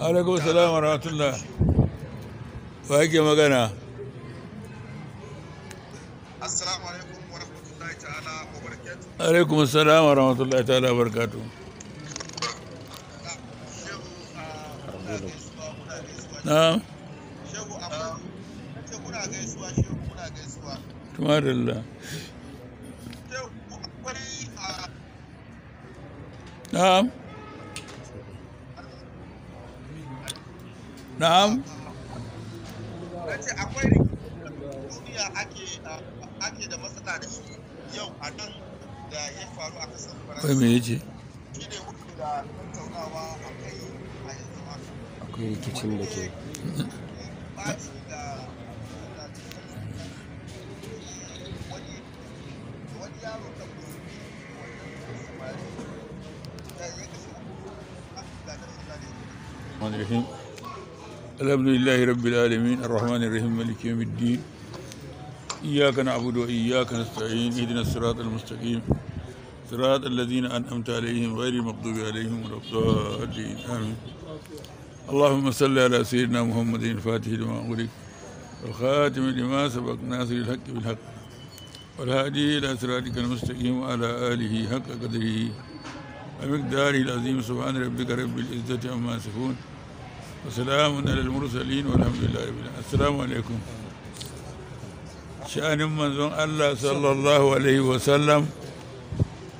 alaikum salam wa rahmatullah wa yake magana assalamu alaikum wa rahmatullahi ta'ala wa barakatuh alaikum assalam wa rahmatullahi ta'ala wa barakatuh na'am shehu amma ce kuna gaisuwa shehu kuna gaisuwa tumarilla ah, na'am na'am akwai da yau da ya faru a kasar da الحمد لله رب العالمين الرحمن الرحيم مالك يوم الدين إياك نعبد وإياك نستعين اهدنا الصراط المستقيم صراط الذين أنعمت عليهم غير المغضوب عليهم ولا الضالين آمين اللهم صل على سيدنا محمد الفاتح لما أغلق والخاتم لما سبق ناصر الحق بالحق والهادي إلى صراطك المستقيم وعلى آله حق قدره ومقداره العظيم سبحان ربك رب العزة عما يصفون wasalamun alal mursalin walhamdulillahi bin assalamu alaikum sha'anin manzon Allah sallallahu alaihi wasallam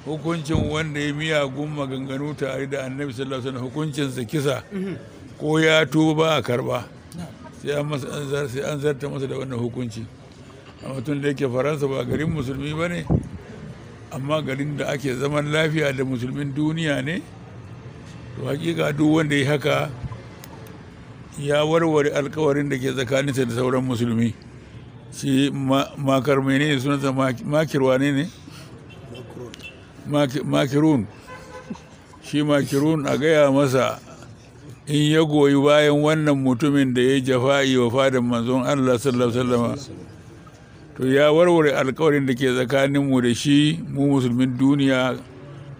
hukuncin wanda ya miyagun maganganu tare da annabi sallallahu alaihi wasallam hukuncinsa kisa ko ya tuba ba a karba sai an zarta masa da wannan hukunci a mutum da yake faransa ba garin musulmi ba ne amma garin da ake zaman lafiya da musulmin duniya ne to hakika duk wanda ya haka ya warware alkawarin da ke tsakaninsa da sauran musulmi shi makar mene ne sunansa makirwa ne ne makirun shi makirun a gaya masa in ya goyi bayan wannan mutumin da ya jafa'i wa fadin manzon allah sallallahu alaihi to ya warware alkawarin da ke tsakaninmu da shi mu musulmin duniya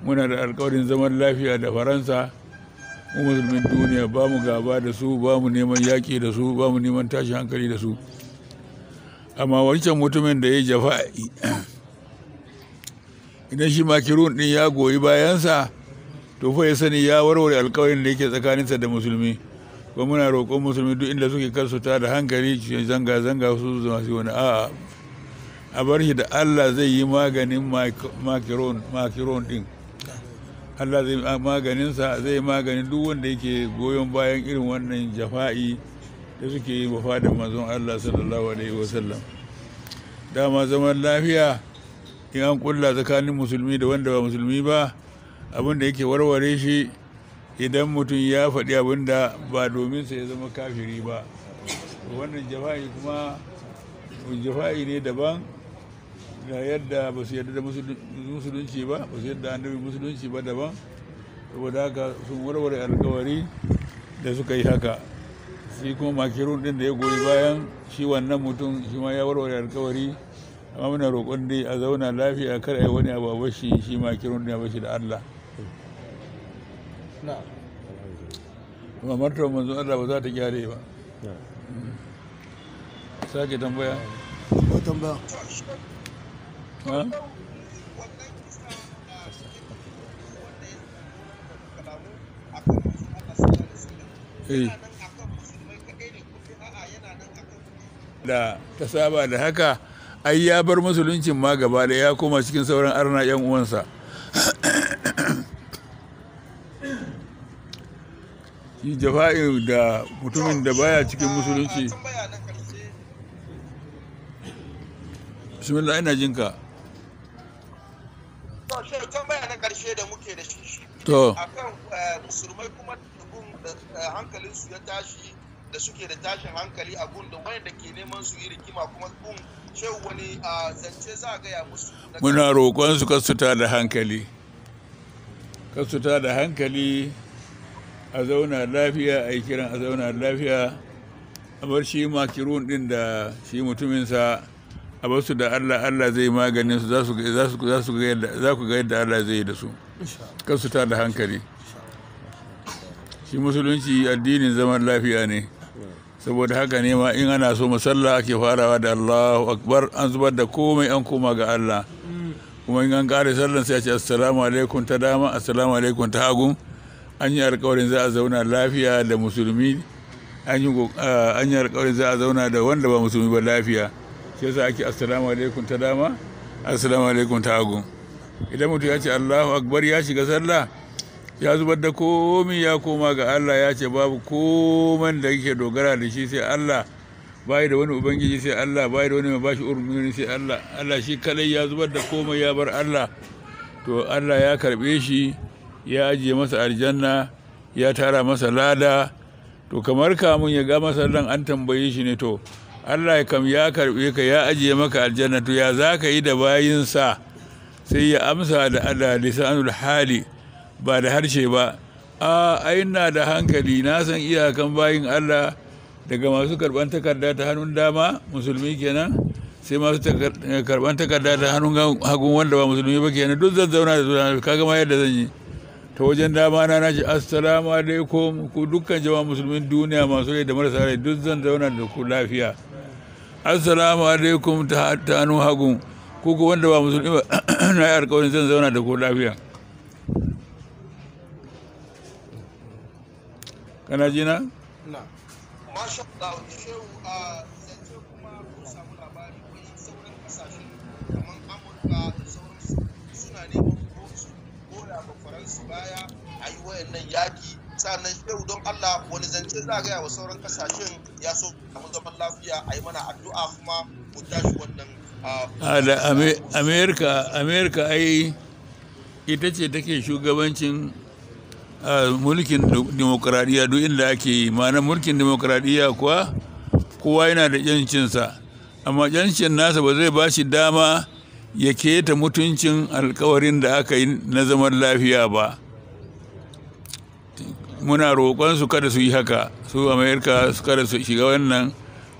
muna da alkawarin zaman lafiya da faransa mu musulmin duniya ba mu gaba da su ba mu neman yaƙi da su ba mu neman tashi hankali da su amma wancan mutumin da ya jafa idan shi makirun din ya goyi bayansa to fa ya sani ya warware alkawarin da yake tsakaninsa da musulmi ko muna roƙon musulmi duk inda suke kar ta da hankali zanga zanga su zama su wani a'a a bar shi da Allah zai yi maganin makirun din Allah zai maganinsa zai magani duk wanda yake goyon bayan irin wannan jafa'i da suke yi wafa da manzon Allah sallallahu alaihi wasallam dama zaman lafiya in an kulla tsakanin musulmi da wanda ba musulmi ba abin da yake warware shi idan mutum ya faɗi abin da ba domin sa ya zama kafiri ba wannan jafa'i kuma jafa'i ne daban ga yadda ba su yadda da musulunci ba ba su yadda annabi musulunci ba daban saboda haka sun warware alkawari da suka yi haka sai kuma makirun din da ya goyi bayan shi wannan mutum shi ma ya warware alkawari amma muna roƙon dai a zauna lafiya kar a yi wani abu a bashi shi makirun din a bashi da Allah amma martaba manzon Allah ba za ta gyare ba sake tambaya tambaya da ta saba da haka ai ya bar musuluncin ma gaba da ya koma cikin sauran arna yan uwansa yi jafa'in da mutumin da baya cikin musulunci bismillah ina jinka to akan eh, musulmai kuma eh, eh, hankalin su ya tashi da suke da tashin hankali a gun da wanda ke neman su yi rikima kuma gun shehu wani zance za a gaya musu muna roƙon su kasuta da hankali kasuta da hankali a zauna lafiya a yi kiran a zauna lafiya a bar shi makirun din da shi mutuminsa a basu da allah allah zai maganin su za ku ga yadda allah zai yi da su kasu ta da hankali shi musulunci addinin zaman lafiya ne saboda haka ne ma in ana so masalla ake farawa da allahu akbar an zubar da komai an koma ga allah kuma in an kare sallan sai a ce assalamu alaikum ta dama assalamu alaikum ta hagun an yi alkawarin za a zauna lafiya da musulmi an yi alkawarin za a zauna da wanda ba musulmi ba lafiya sai sa ake assalamu alaikum ta dama assalamu alaikum ta hagun idan mutum ya ce Allahu akbar ya shiga sallah ya zubar da komai ya koma ga Allah ya ce babu komai da yake dogara da shi sai Allah bayi da wani ubangiji sai Allah bayi da wani mai bashi urmuni sai Allah Allah shi kadai ya zubar da komai ya bar Allah to Allah ya karbe shi ya ajiye masa aljanna ya tara masa lada to kamar kamun ya ga masa dan an tambaye shi ne to Allah kam ya karbe ka ya ajiye maka aljanna to ya za ka yi da bayinsa sai ya amsa da ada lisanul hali ba da harshe ba a aina da hankali na san iyakan bayin Allah daga masu karban takarda ta hannun dama musulmi kenan sai masu karban takarda ta hannun hagun wanda ba musulmi ba kenan duk zan zauna da zuwa ka gama yadda zan yi ta wajen dama na nace assalamu alaikum ku dukkan jama'a musulmin duniya masu rai da marasa rai duk zan zauna da ku lafiya assalamu alaikum ta hannun hagun ko wanda ba musulmi ba na yi alkawarin zan zauna da ko lafiya kana ji na? na masha shehu labari Amurka da baya a yi wayannan yaki shehu don Allah wani zance za gaya wa sauran kasashen ya so zaman lafiya a yi mana addu'a kuma mu tashi wannan da amerika amerika ai ita ce take shugabancin mulkin demokuraɗiyya duk inda ake yi ma'ana mulkin demokuraɗiyya kuwa kowa yana da yancinsa amma yancin nasa ba zai ba dama ya keta mutuncin alkawarin da aka yi na zaman lafiya ba muna roƙon su kada su yi haka su amerika su kada su shiga wannan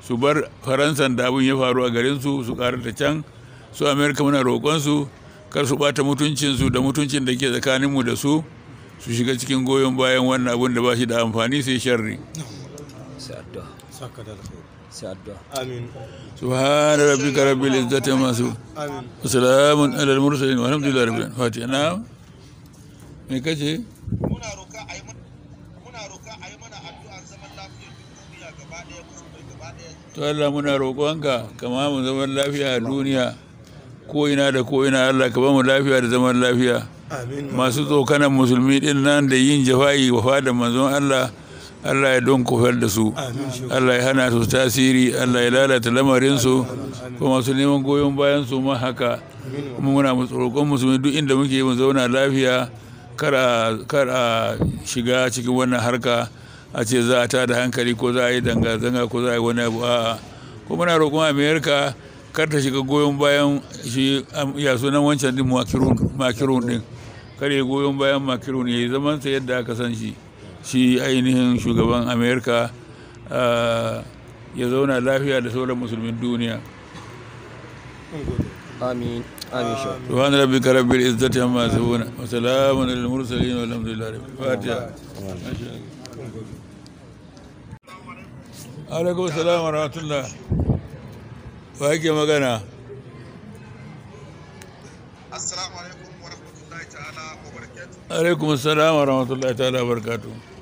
su bar faransan da abin ya faru a garin su su karanta can su amerika muna roƙon su kar su bata mutuncin su da mutuncin da ke tsakanin mu da su su shiga cikin goyon bayan wannan abin da ba shi da amfani sai sharri آمين سبحان ربك رب العزة عما يصفون وسلام على المرسلين والحمد لله رب العالمين فاتحة نعم ميكاتي to Allah muna roƙonka kama mu zaman lafiya a duniya ko ina da ko ina Allah ka bamu lafiya da zaman lafiya masu tsokanan musulmi din nan da yin jafa'i wafa da manzon Allah Allah ya don kufar da su Allah ya hana su tasiri Allah ya lalata lamarin su kuma masu neman goyon bayan su ma haka muna roƙon musulmi duk inda muke mu zauna lafiya kar a shiga cikin wannan harka a ce za a tada hankali ko za a yi danga-zanga ko za a yi wani abu a'a ko muna roƙon amerika kar ta shiga goyon bayan shi ya sunan wancan din makirun din kar ya goyon bayan makirun ya yi zaman sa yadda aka san shi shi ainihin shugaban amerika ya zauna lafiya da sauran musulmin duniya amin amin sha subhana rabbika rabbil izzati amma yasifun wa salamun alal mursalin walhamdulillahi rabbil fatiha alaikum salam wa rahmatullah wa yake magana assalamu alaikum wa rahmatullahi ta'ala wa barakatuh alaikum salam wa rahmatullahi ta'ala wa barakatuh